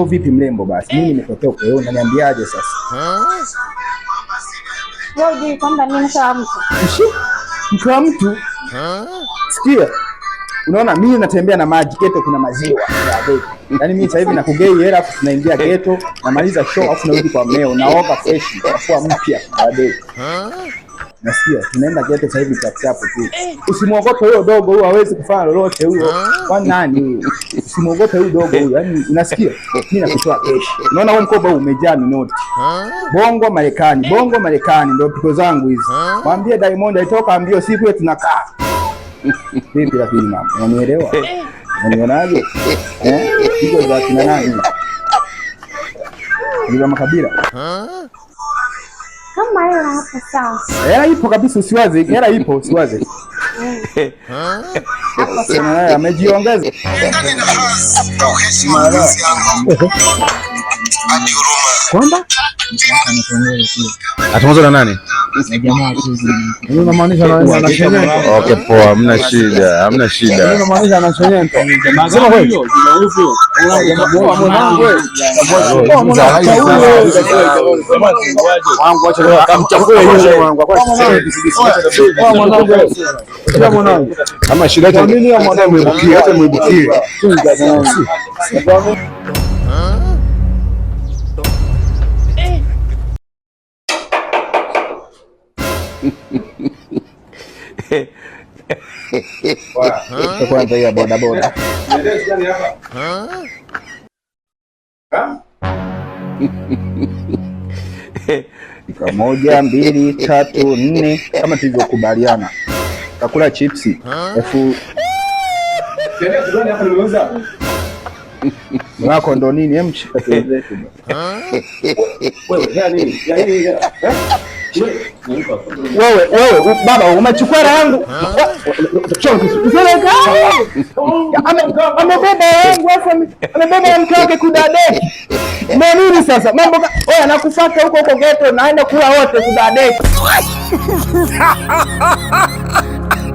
Oh, vipi mrembo, basi mimi nimetokea upeo, unaniambiaje sasa? mke wa mtu. mtu? Sikia. Unaona mimi natembea na maji geto, kuna maziwa. Yaani mimi sasa hivi nakugei hela afu tunaingia geto, namaliza show afu narudi kwa mmeo, naoga fresh, nafua mpya. Nasikia tunaenda ghetto sasa hivi chap tu. Eh. Usimwogope huyo dogo huyo, hawezi kufanya lolote huyo. Ah. Kwa nani huyo? Usimwogope huyo dogo huyo. yani unasikia? Mimi nakutoa kesho. Unaona huo mkoba umejaa minoti. Ah. Bongo Marekani, Bongo Marekani ndio piko zangu hizi. Ah. Mwambie Diamond aitoka ambio siku yetu tunakaa. Vipi rafiki mama? Unanielewa? Eh. Unanionaje? Eh? Hizo za kina nani? Ni za makabila kama hilo hapo sawa. Hela ipo kabisa, usiwaze. Hela ipo usiwaze. Amejiongeza. Kwamba atangazwa na nani? Okay, poa, hamna shida, hamna shida. Hamna shida, hata mwibukie, hata mwibukie. Kwanza hiyo bodaboda moja mbili tatu nne, kama tulivyokubaliana. takula chipsi elfu mwako ndo nini? Wewe wewe baba umechukua raha yangu. Amebeba yangu afu amebeba mke wake kudadeki. Nini sasa? Mambo wewe anakufuata huko huko ghetto naenda kula wote kudadeki.